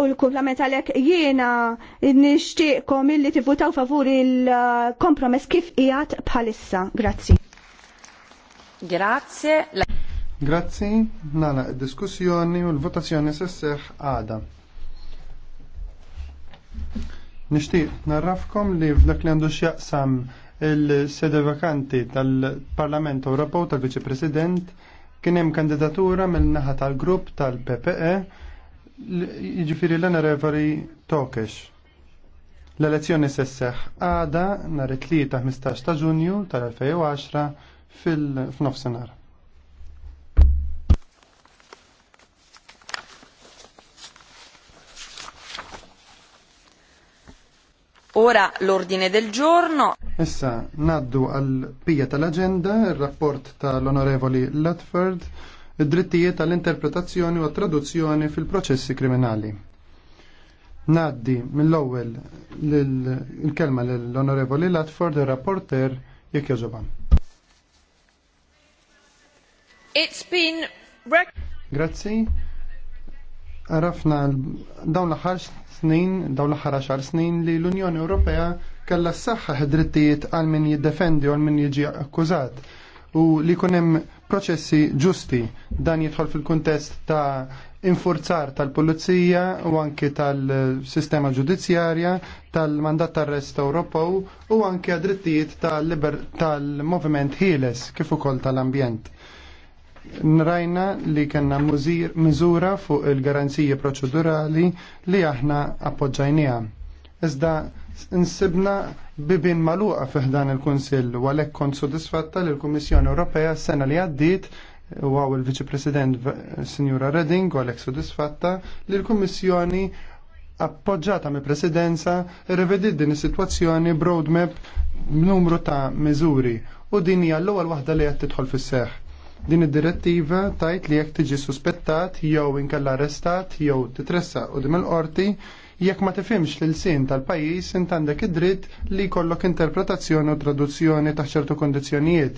u l-kumplament għalek jiena nishtiqkom illi tivvutaw favur il-kompromess kif ijat bħalissa. Grazzi. Grazie. Grazzi, nala diskussjoni u l-votazzjoni s-seħ għada. Nishtiq narrafkom li f'dak li għandu xjaqsam il-sede vakanti tal-Parlament Ewropew tal-Viċi President kien hemm kandidatura mill-naħa tal-grupp tal-PPE Jiġifieri l-onorevoli Tokesh. L-elezzjoni sesseħ għada nhar it-tlieta 15 ta' Ġunju tal-2010 fil-fnofsinhar. Ora l'ordine del giorno. Issa naddu għal pija tal-agenda, il-rapport tal-onorevoli Lutford id-drittijiet tal-interpretazzjoni u traduzzjoni fil-proċessi kriminali. Naddi mill-ewwel il-kelma l-Onorevoli Latford, il-rapporter jekk jaġoban. It's been Grazzi. Arafna dawn l-aħħar snin, dawn l-aħħar għaxar snin li l-Unjoni Ewropea kalla s-saxħa drittijiet għal min jiddefendi u għal min jiġi akkużat u li kunem proċessi ġusti. Dan jidħol fil-kuntest ta' infurzar tal-pulizija u anke tal-sistema ġudizzjarja, tal-mandat tal-rest Ewropew u anke għadrittijiet tal-moviment ħieles kif ukoll tal-ambjent. Nrajna li kena miżura fuq il-garanzija proċedurali li aħna appoġġajnija. Iżda insibna bibin maluqa fiħdan il-Kunsill u għalhekk kont sodisfatta li l-Kummissjoni Ewropea s-sena li għaddiet u għaw il-Viċi President Sinjura Redding u għalhekk sodisfatta li l-Kummissjoni appoġġata me presidenza rivedid din is-sitwazzjoni broadmap b'numru ta' miżuri u din hija l-ewwel waħda li qed tidħol fis-seħħ. Din id-direttiva tajt li jekk tiġi suspettat jew inkella arrestat jew titressa u dim il-qorti Jekk ma tifhimx l-sin tal-pajjiż int għandek id-dritt li jkollok interpretazzjoni u traduzzjoni ta' ċertu kondizzjonijiet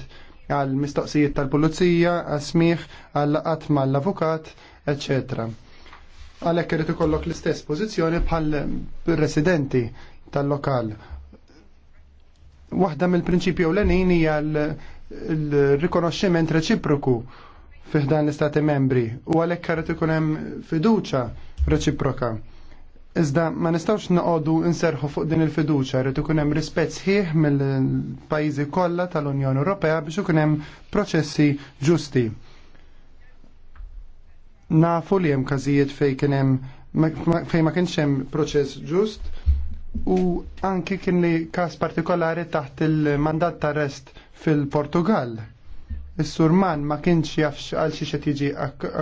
għal mistoqsijiet tal-pulizija, għal smieħ, għal qatt mal-avukat, etc. Għalhekk irid ikollok l-istess pożizzjoni bħal residenti tal-lokal. Waħda mill-prinċipju ewlenin hija l-rikonoxximent reċiproku fiħdan l-istati membri u għalhekk irid ikun hemm fiduċja reċiproka. Iżda ma nistawx noqogħdu nserħu fuq din il-fiduċja rritu ikun hemm rispett sħiħ mill-pajjiżi kollha tal-Unjoni Ewropea biex ikun hemm proċessi ġusti. Nafu li hemm każijiet fejn kienem fej ma kienx hemm proċess ġust u anki kien li każ partikolari taħt il-mandat ta' arrest fil-Portugal. Is-surman ma kienx jafx għal xi qed jiġi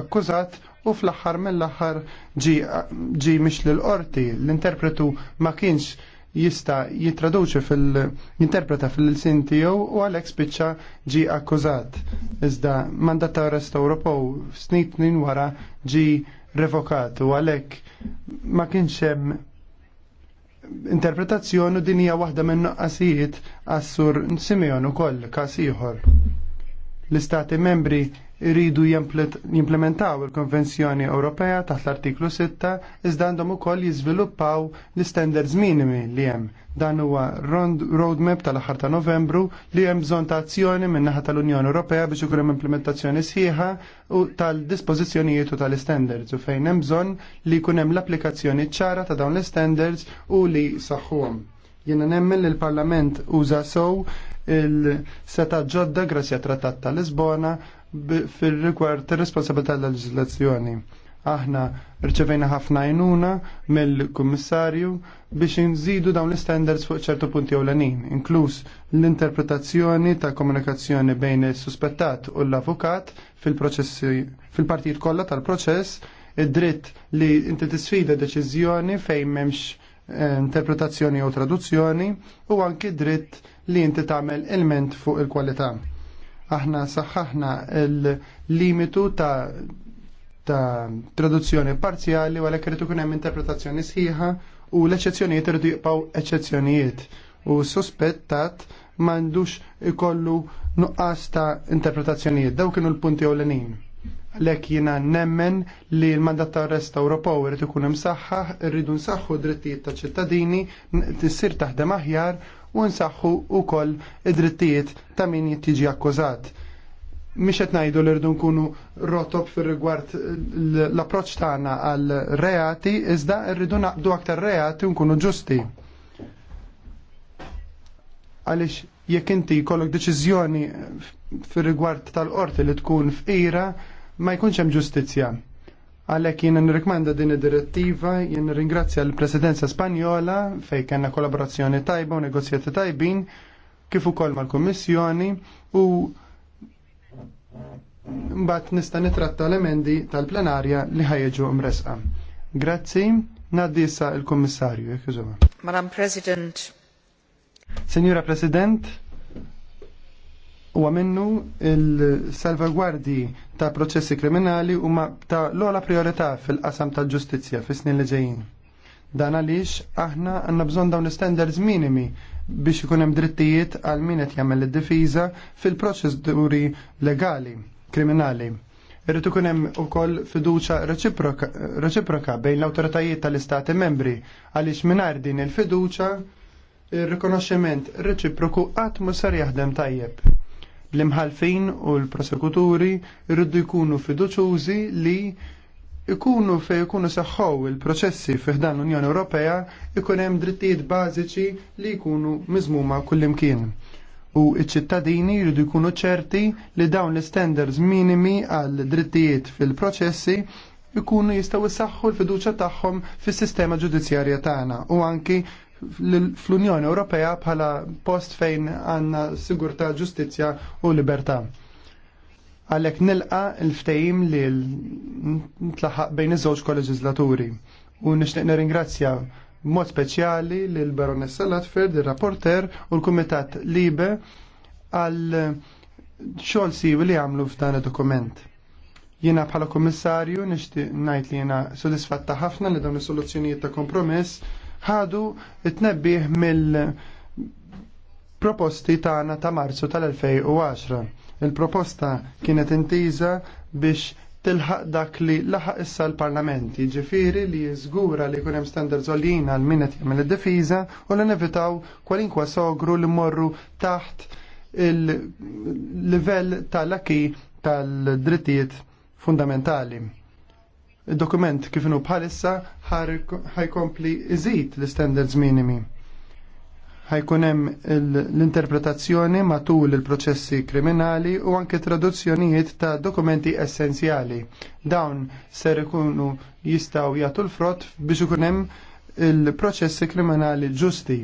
akkużat u fl-aħħar mill-aħħar ġi mix l-qorti. L-interpretu ma kienx jista jitraduċi fil-interpreta fil-sin tiegħu u għalhekk spiċċa ġi akkużat. Iżda mandat ta' arrest Ewropew snin wara ġi revokat u għalhekk ma kienx hemm interpretazzjoni din hija waħda minn nuqqasijiet għas-sur Simeon ukoll każ ieħor. L-istati membri iridu jimplementaw il-Konvenzjoni Ewropea taħt l-artiklu 6 iżda għandhom ukoll jiżviluppaw l-standards minimi li hemm. Dan huwa roadmap tal-aħħar ta' Novembru li hemm bżonn ta' azzjoni min-naħa tal-Unjoni Ewropea biex ikun hemm implementazzjoni sħiħa u tal-dispożizzjonijiet u tal-standards u fejn hemm bżonn li jkun hemm l-applikazzjoni ċara ta' dawn l-standards u li saħħuhom. Jiena nemmen li l-Parlament uża sow il-seta ġodda grazzi għat-Trattat ta' Lisbona fil-rigward ir-responsabilità tal leġislazzjoni aħna rċevejna ħafna għajnuna mill-kummissarju biex nżidu dawn l-standards fuq ċertu punti l-anin, inkluż l-interpretazzjoni ta' komunikazzjoni bejn is-suspettat u l-avukat fil-proċessi fil-partijiet kollha tal-proċess, id-dritt li inti tisfida deċiżjoni fejn m'hemmx eh, interpretazzjoni jew traduzzjoni u anki dritt li inti tagħmel ilment fuq il-kwalità. il kwalità Aħna saħħaħna l-limitu ta' ta' traduzzjoni parzjali għalhekk irid ikun hemm interpretazzjoni sħiħa u l-eċċezzjonijiet irid jibqgħu eċċezzjonijiet u suspettat m'għandux ikollu nuqqas ta' interpretazzjonijiet. Daw kienu l-punti ewlenin. Lek jina nemmen li l-mandat ta' arrest Ewropew irid ikun imsaħħaħ, irridu nsaħħu drittijiet ta' ċittadini, tissir taħdem aħjar u nsaħħu wkoll id-drittijiet ta' min jittiġi akkużat. Mix qed ngħidu li rridu nkunu rotob fir-rigward l-approċċ tagħna għal reati iżda rridu naqdu aktar reati u nkunu ġusti. Għaliex jekk inti jkollok deċiżjoni fir-rigward tal-qorti li tkun f'ira ma jkunx hemm ġustizzja. Għalek jien nirrekmanda din id-direttiva, jien ringrazzja l-Presidenza Spanjola fej kena kollaborazzjoni tajba u negozjati tajbin kif ukoll mal-Kummissjoni u mbagħad nista' nitratta l-emendi tal-plenarja li ħajġu mresqa. Grazzi, ngħaddi issa il-Kummissarju, jekk Madam President. Signora President, u minnu il-salvagwardi ta' proċessi kriminali u ma ta' l-ola priorità fil-qasam ta' ġustizja fis snin li ġejjin. Dan għaliex aħna għanna bżon dawn standards minimi biex ikun hemm drittijiet għal min qed jagħmel id-difiża fil-proċeduri legali kriminali. Irrid ikun hemm ukoll fiduċja reċiproka bejn l-awtoritajiet tal-istati membri għaliex mingħajr din il fiduċa il rikonoxximent reċiproku qatt sar jaħdem tajjeb. L-imħalfin u l-prosekuturi rridu jkunu fiduċużi li ikunu fe ikunu saħħow il-proċessi fiħdan l-Unjoni Ewropea ikun hemm drittijiet bażiċi li jkunu miżmuma kullimkien. U iċ-ċittadini jridu jkunu ċerti li dawn l-standards minimi għal drittijiet fil-proċessi ikunu jistgħu jsaħħu l-fiduċja tagħhom fis-sistema ġudizzjarja tagħna u anki fl-Unjoni Ewropea bħala post fejn għanna sigurtà, ġustizzja u libertà. Għalhekk nilqa l-ftehim li tlaħaq bejn iż-żewġ koleġislaturi u nixtieq ringrazzja b'mod speċjali l Baronessa Latford, ir-rapporter u l-Kumitat Libe għal xogħol siwi li għamlu f'dan id-dokument. Jiena bħala kummissarju nixtieq ngħid li jiena sodisfatta ħafna li dawn is-soluzzjonijiet ta' kompromess ħadu tnebbih mill-proposti tagħna ta' Marzu tal-2010. Il-proposta kienet intiża biex tilħaq dak li laħaq issa l-Parlament, jiġifieri li jiżgura li jkun hemm standards għalijin għal min qed jagħmel id-difiża u li nevitaw kwalinkwa sogru li morru taħt il-livell tal-aki tal-drittijiet fundamentali dokument kif inhu bħalissa ħajkompli iżid l-standards minimi. Ħajkun hemm l-interpretazzjoni matul il-proċessi kriminali u anke traduzzjonijiet ta' dokumenti essenzjali. Dawn ser ikunu jistgħu jagħtu l-frott biex ikun hemm il-proċessi kriminali ġusti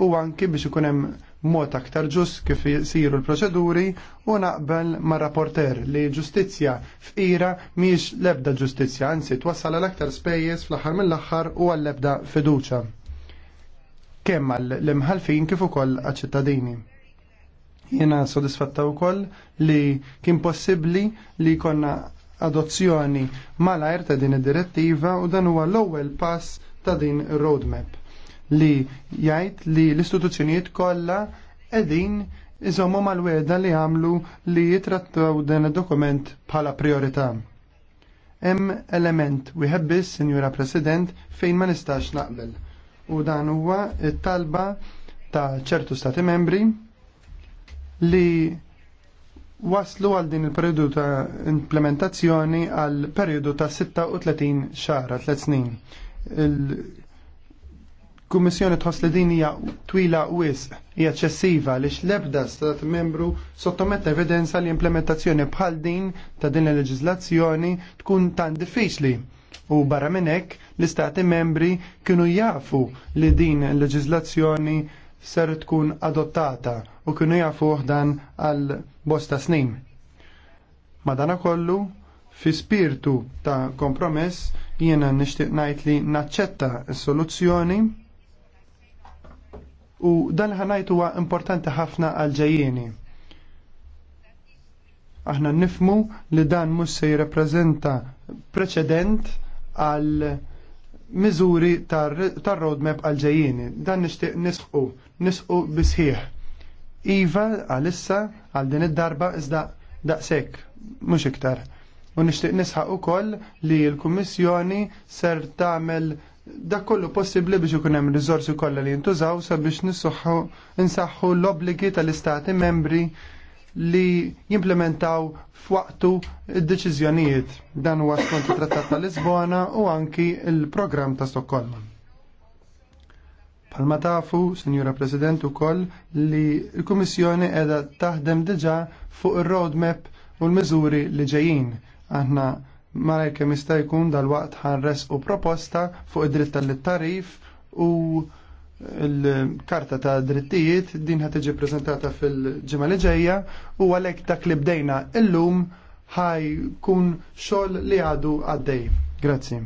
u anke biex ikun hemm mod aktar ġust kif jisiru l-proċeduri u naqbel ma' rapporter li ġustizzja f'ira miex lebda ġustizzja, anzi twassal l aktar spejjeż fl-aħħar mill-aħħar u għal lebda fiduċa. Kemm l-imħalfin kif ukoll għaċ-ċittadini. Jiena sodisfatta wkoll li kien possibbli li konna adozzjoni malajr ta' din id-direttiva u dan huwa l-ewwel pass ta' din roadmap li jgħid li l-istituzzjonijiet kollha qegħdin iżommu mal-weda li għamlu li jitrattaw dan id-dokument bħala priorità. Hemm element wieħed biss, Sinjura President, fejn ma nistax naqbel. U dan huwa it-talba ta' ċertu stati membri li waslu għal din il-periodu ta' implementazzjoni għal periodu ta' 36 xahra, 3 snin. Kummissjoni tħoss li din hija twila wisq hija ċessiva li l-ebda stat membru sottometta evidenza li implementazzjoni bħal din ta' din il-leġiżlazzjoni tkun tan diffiċli. U barra minn hekk l-istati membri kienu jafu li din il-leġiżlazzjoni ser tkun adottata u kienu jafu dan għal bosta snin. Madana kollu, fi spirtu ta' kompromess jiena nixtieq ngħid li naċċetta s-soluzzjoni u dan ħanajtu huwa importanti ħafna għal ġajjeni. Aħna nifmu li dan mhux se jirrappreżenta preċedent għal miżuri tar-roadmap għal ġajjeni. Dan nixtieq nisħu, nisħu bisħieħ. Iva għalissa għal din id-darba iżda daqshekk, mhux iktar. U nixtieq nisħaq ukoll li l-Kummissjoni ser tagħmel dak kollu possibbli biex ikun hemm riżorsi kollha li jintużaw sabiex nissuħħu insaħħu l-obbligi tal-istati membri li jimplementaw f'waqtu id-deċiżjonijiet. Dan huwa skont it-Trattat ta' Lisbona u anki il-programm ta' Stokkolma. Palma tafu, Sinjura President, ukoll li l-Kummissjoni qiegħda taħdem diġà fuq ir-roadmap u l-miżuri li ġejjin. Aħna malajr kemm jista' jkun dal-waqt ħarres u proposta fuq id-dritt tal-tarif u l-karta ta' drittijiet din ħat tiġi prezentata fil-ġimgħa li ġejja u għalhekk dak li bdejna illum ħaj kun xogħol li għadu għaddej. Grazzi.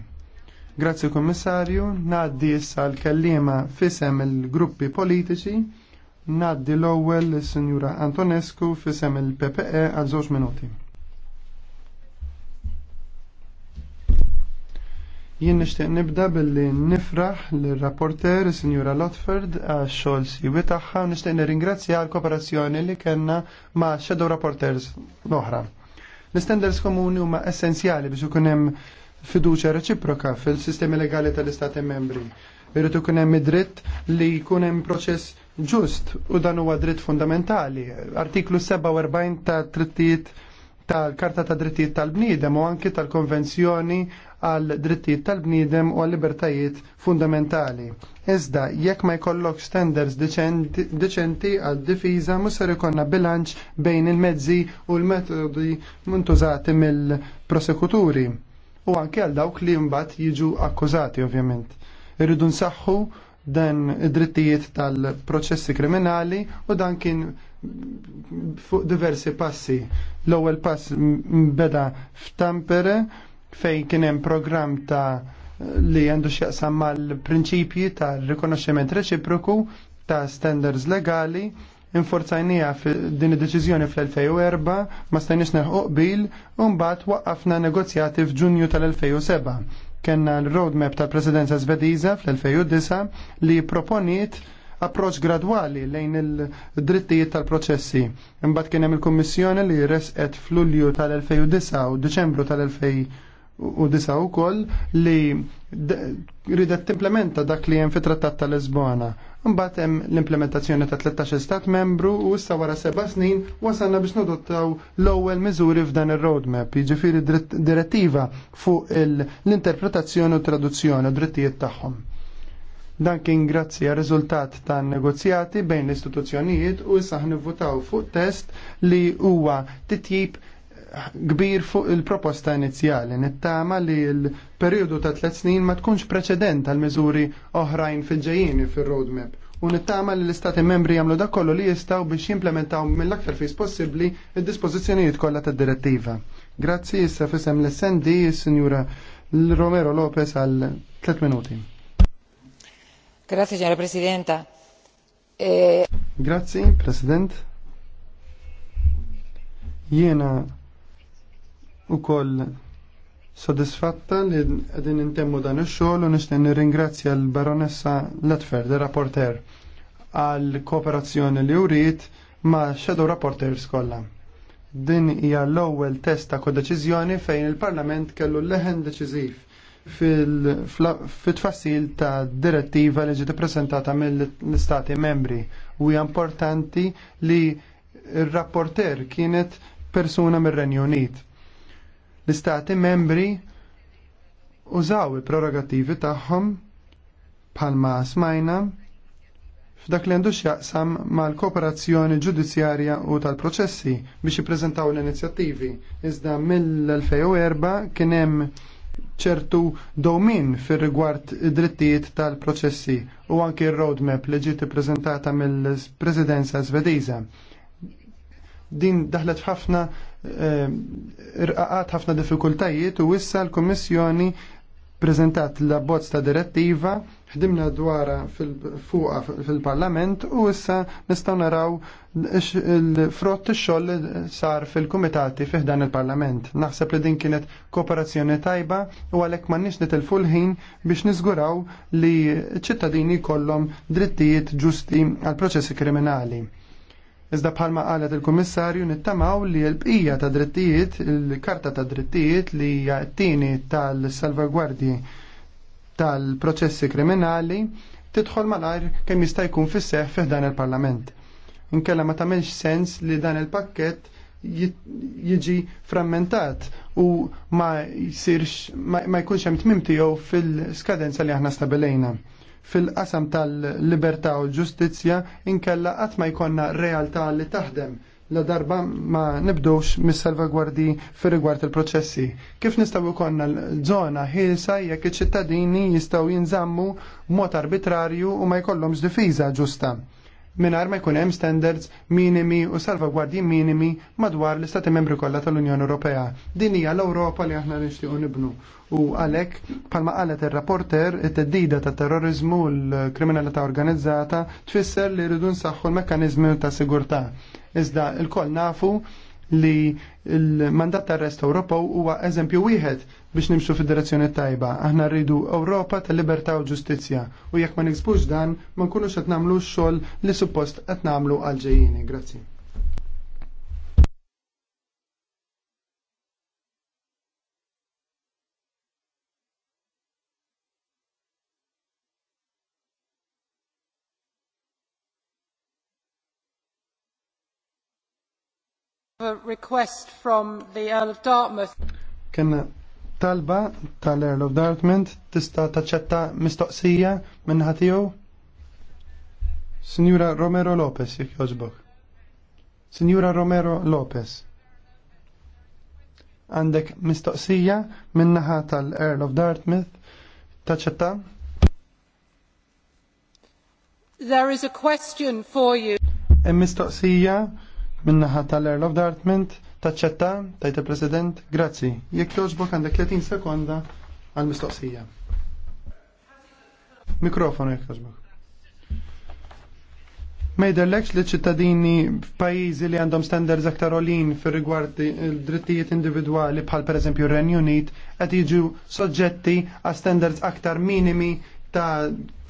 Grazzi Kommissarju, naddi issa l-kellima fisem il-gruppi politiċi, naddi l-ewwel is-Sinjura Antonescu fisem il-PPE għal żewġ minuti. Jien nixtieq nibda billi nifraħ l-rapporter Sinjura Lotford għax xogħol siwi tagħha nixtieq nirringrazzja għal kooperazzjoni li kellna ma' shadow rapporters l-oħra. l istenders komuni huma essenzjali biex ikun hemm fiduċja reċiproka fil-sistemi legali tal-Istati membri. Irrid ikun hemm id-dritt li jkun hemm proċess ġust u dan huwa dritt fundamentali. Artiklu 47 ta' trittijiet tal-Karta ta' Drittijiet tal-Bniedem u anki tal-Konvenzjoni għal drittijiet tal-bniedem u għal libertajiet fundamentali. Iżda, jekk ma jkollok standards deċenti għal difiża mhux ser ikonna bilanċ bejn il-mezzi u l-metodi muntużati mill-prosekuturi u anke għal dawk li mbagħad jiġu akkużati ovvjament. Irridu nsaħħu dan id-drittijiet tal-proċessi kriminali u dan kien fuq diversi passi. L-ewwel pass beda f'Tampere Fej kien hemm programm ta' li għandu x'jaqsam mal-prinċipji ta' rikonoxximent reċiproku ta' standards legali infurzajnija din id-deċiżjoni fl-2004 ma stajniex neħu qbil u mbagħad waqqafna negozjati f'Ġunju tal-2007. Kenna l-roadmap tal-Presidenza Svediża fl-2009 li proponiet approċ gradwali lejn il-drittijiet tal-proċessi. Imbagħad kien hemm il-Kummissjoni li resqet fl-Ulju tal-2009 u Deċembru tal-2009 u disa u koll li ridet implementa dak li jen fi trattat ta' Lisbona. Mbagħad hemm l-implementazzjoni ta' 13 stat membru u issa wara seba' snin wasalna biex nadottaw l-ewwel miżuri f'dan ir-roadmap, jiġifieri direttiva fuq l-interpretazzjoni u traduzzjoni u drittijiet tagħhom. Dan kien grazzi għal riżultat ta' negozjati bejn l-istituzzjonijiet u issa ħnivvutaw fuq test li huwa titjib kbir fuq il-proposta inizjali nittama li l-periodu ta' tliet snin ma tkunx preċedent għal miżuri oħrajn fil-ġejjini fil-roadmap u nittama li l-istati membri jagħmlu dak kollu li jistgħu biex jimplementaw mill-aktar fis possibbli id-dispożizzjonijiet kollha tad-direttiva. Grazzi issa fisem l-SND sinjura Romero Lopez għal 3 minuti. Grazie, signora Presidenta. E... Grazie, President. Jena u koll sodisfatta li għedin intemmu dan il-xol u nishten ringrazzja l-baronessa Letfer, de rapporter, għal kooperazzjoni li uriet ma' shadow rapporters kollha. Din hija l-ewwel test ta' kodeċiżjoni fejn il-Parlament kellu leħen deċiżiv fit-tfassil ta' direttiva li ġiet ippreżentata mill-Istati membri u hija importanti li r-rapporter kienet persuna mir-Renju Unit L-istati membri użaw il-prerogativi tagħhom bħalma smajna f'dak li għandu x'jaqsam mal-kooperazzjoni ġudizzjarja u tal-proċessi biex jippreżentaw l-inizjattivi. Iżda mill-2004 kien hemm ċertu domin fir rigward id-drittijiet tal-proċessi u anki r-roadmap li ġiet ippreżentata mill-Presidenza Svediża. Din daħlet f'ħafna Ehm, irqaqat ħafna diffikultajiet u issa l-Kummissjoni prezentat la bozz ta' direttiva, ħdimna dwara fuqa fil-Parlament u issa nistgħu naraw il-frott ix-xogħol sar fil-kumitati fih dan il-Parlament. Naħseb li din kienet kooperazzjoni tajba u għalhekk m'għandniex nitilfu l-ħin biex niżguraw li ċ-ċittadini jkollhom drittijiet ġusti għal proċessi kriminali Iżda bħalma qalet il-Kummissarju nittamaw li l-bqija ta' drittijiet, il-karta ta' drittijiet li hija t-tieni tal-salvagwardji tal-proċessi kriminali tidħol malajr kemm jista' jkun fis-seħħ fih dan il-Parlament. Inkella ma tagħmelx sens li dan il-pakkett jiġi frammentat u ma jsirx ma jkunx hemm tmim tiegħu fil-skadenza li aħna stabilejna fil-qasam tal-libertà u l-ġustizzja inkella qatt ma jkollna realtà li taħdem la darba ma nibdowx mis-salvagwardi fir rigward il-proċessi. Kif nistgħu jkollna l-żona ħilsa jekk iċ-ċittadini jistgħu jinżammu mod arbitrarju u ma jkollhomx difiża ġusta minar ma jkun hemm standards minimi u salvagwardji minimi madwar l-Istati membri kollha tal-Unjoni Ewropea. Din hija l-Ewropa li aħna nixtiequ nibnu. U għalhekk bħalma qalet ir-rapporter it-teddida ta' terrorizmu u l-kriminalità organizzata tfisser li rridu nsaħħu l-mekkaniżmi ta' sigurtà. Iżda l-koll nafu li l-mandat tar-rest Ewropa huwa eżempju wieħed biex nimxu fid-direzzjoni tajba. Aħna rridu Ewropa tal libertà u ġustizzja u jekk ma niksbux dan ma nkunux qed nagħmlu x-xogħol li suppost qed nagħmlu għal ġejjieni. Grazzi. Kenna talba tal-Earl of Dartmouth tista' taċċetta mistoqsija minn ħatiju? Signora Romero Lopez, jek joġbok. Signora Romero Lopez. Għandek mistoqsija minnaħa tal-Earl of Dartmouth taċċetta? There is a question for you. E mistoqsija Minnaħa tal-Earl of Dartmouth, taċċetta, tajta president grazzi. Jekk joġbok għandek 30 sekonda għal-mistoqsija. Mikrofonu jekk joġbok. Ma jidellekx li ċittadini f'pajjiżi li għandhom standards aktar olin fir rigward drittijiet individwali bħal pereżempju r-Renju Unit qed jiġu soġġetti għal standards aktar minimi ta'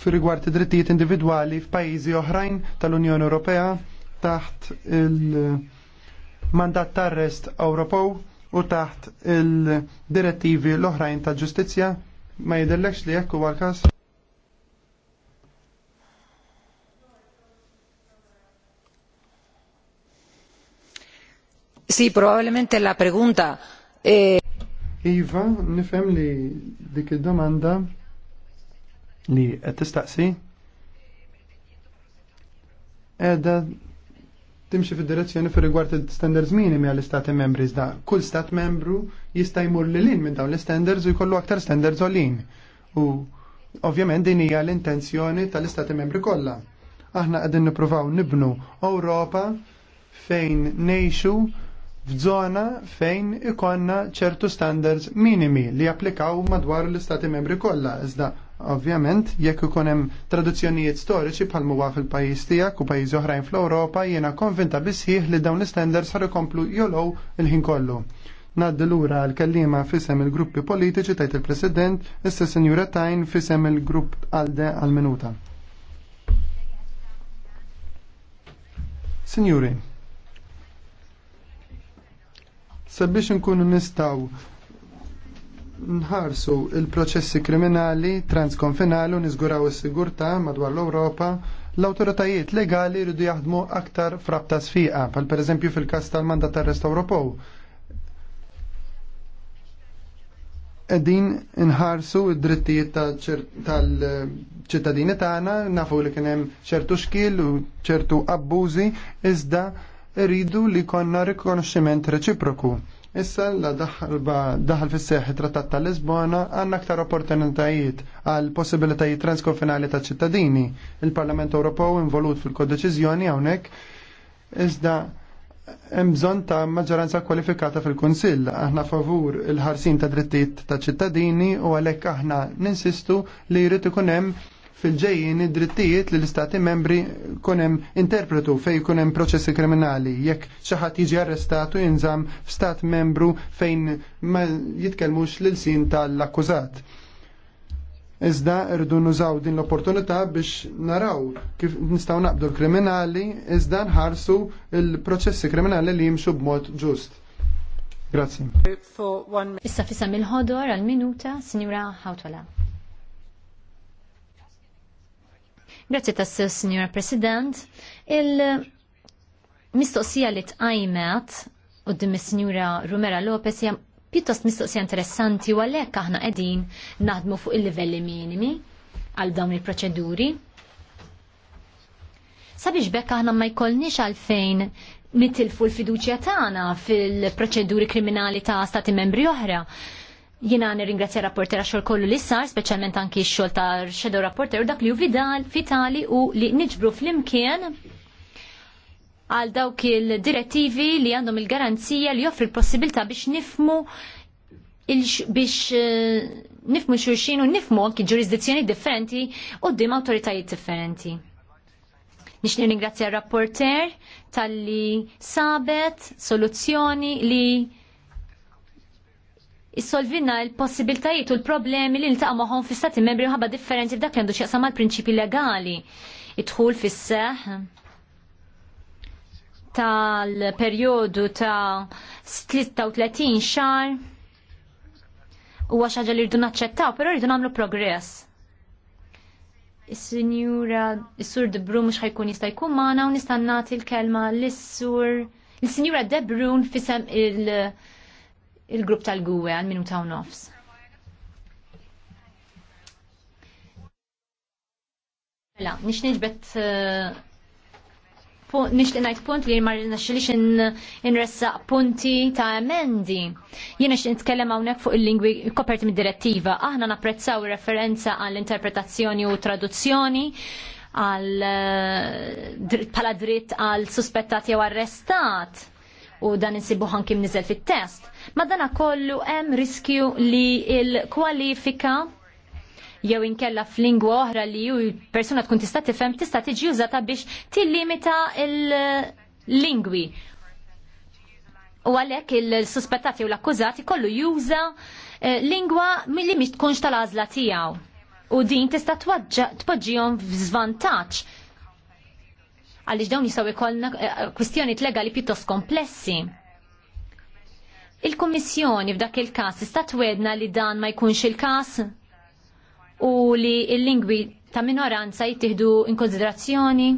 fir rigward drittijiet individwali f'pajjiżi oħrajn tal-Unjoni Ewropea taħt il-mandat ta' arrest Ewropew u taħt il-direttivi l-oħrajn ta' ġustizzja ma jidillekx li jekk huwa l-każ. Sì, probabilmente la pregunta è... Eh, iva, nifhem li dik id-domanda li qed tistaqsi qiegħda timxi fid-direzzjoni fir rigward standards minimi għall istati membri iżda kull stat membru jista' jmur lil lin minn dawn l-standards u jkollu aktar standards lin. U ovvjament din hija l-intenzjoni tal-istati membri kollha. Aħna qegħdin nippruvaw nibnu Ewropa fejn nejxu f'żona fejn ikonna ċertu standards minimi li japplikaw madwar l-istati membri kollha iżda Ovvjament, jekk ikun hemm traduzzjonijiet storiċi bħal huwa fil-pajjiż tiegħek u pajjiżi oħrajn fl-Ewropa, jiena konvinta bisħieħ li dawn l-standards sar ikomplu jolgħu il-ħin kollu. Naddi lura l-kellima fisem il-gruppi politiċi tajt il-President, issa Sinjura Tajn fisem il-grupp għalde għal-minuta. Signori, sabiex nkunu nistaw nħarsu il-proċessi kriminali transkonfinali u niżguraw is-sigurtà madwar l-Ewropa l awtoritajiet legali rridu jaħdmu aktar frabta sfiqa, pal pereżempju fil-kas tal-mandat tar rest Ewropew. Qegħdin inħarsu id-drittijiet tal-ċittadini tagħna, nafu li kien hemm ċertu xkil u ċertu abbużi, iżda rridu li konna rikonoxximent reċiproku. Issa la daħal fis it trattat ta' Lisbona għanna aktar opportunitajiet għal possibilitajiet transkonfinali ta' ċittadini. Il-Parlament Ewropew involut fil-kodeċiżjoni hawnhekk iżda hemm bżonn ta' maġġoranza kwalifikata fil-Kunsill. Aħna favur il-ħarsin ta' drittijiet ta' ċittadini u għalhekk aħna ninsistu li jrid ikun hemm fil-ġejjin id-drittijiet li l-istati membri kunem interpretu fej kunem proċessi kriminali jekk xi ħadd jiġi arrestatu jinżam f'stat membru fejn ma jitkellmux l-sin tal-akkużat. Iżda rridu nużaw din l-opportunità biex naraw kif nistgħu naqbdu l-kriminali iżda nħarsu l-proċessi kriminali li jimxu b'mod ġust. Grazzi. Issa fisam il-ħodor għal-minuta, Sinjura Hawtola. Grazzi tassew, Signora President. Il-mistoqsija li tqajmet u dim Signora Rumera Lopez hija pjuttost mistoqsija interessanti u għalhekk aħna qegħdin naħdmu fuq il-livelli minimi għal dawn il-proċeduri. Sabiex bekk aħna ma jkollniex għalfejn nitilfu l-fiduċja tagħna fil-proċeduri kriminali ta' stati membri oħra. Jina nirringrazzja rapporter għaxol kollu li sar, specialment anki xol ta' shadow rapporter, u dak li u vidal, vitali u li nġbru fl-imkien għal dawk il-direttivi li għandhom il-garanzija li joffri l-possibilta biex nifmu biex eh, nifmu xurxin u nifmu anki ġurisdizzjoni differenti u dim autoritajiet differenti. Nix nirringrazzja rapporter tal-li sabet soluzzjoni li issolvinna l-possibiltajiet u l-problemi li niltaqgħu magħhom fi stati membri ħabba differenti f'dak li għandu x'jaqsam mal-prinċipi legali. Idħul fis-seħ tal-perjodu ta' 36 xar huwa xi ħaġa li rridu naċċettaw, però rridu nagħmlu progress. Is-sinjura, is-sur Debru mhux ħajkun jista' jkun magħna u nista' nagħti l-kelma l sur l-sinjura Debrun fisem il- il-grupp tal-gwe għal minu ta' nofs. Mela, nix nġbet uh, nix li punt li marri naxilix nressa punti ta' emendi. Jiena xin nitkellem għawnek fuq il-lingwi koperti mid-direttiva. Aħna napprezzaw referenza għall-interpretazzjoni u traduzzjoni għal uh, pala dritt għal suspettat jew arrestat u dan insibu ħankim nizel fit-test. Madana kollu hemm riskju li il-kwalifika jew inkella f'lingwa oħra li ju persuna tkun tista' tifhem tista' tiġi użata biex tillimita il-lingwi. U għalhekk il-suspettati jew l-akkużati kollu juża eh, lingwa li mhix tkunx tal-għażla tiegħu. U din tista' tpoġġihom f'żvantaġġ għaliex dawn jistgħu jkollna eh, kwistjonijiet legali pjuttost komplessi Il-Kummissjoni f'dak il-każ tista' twedna li dan ma jkunx il-każ u li l-lingwi ta' minoranza jittieħdu in konsiderazzjoni?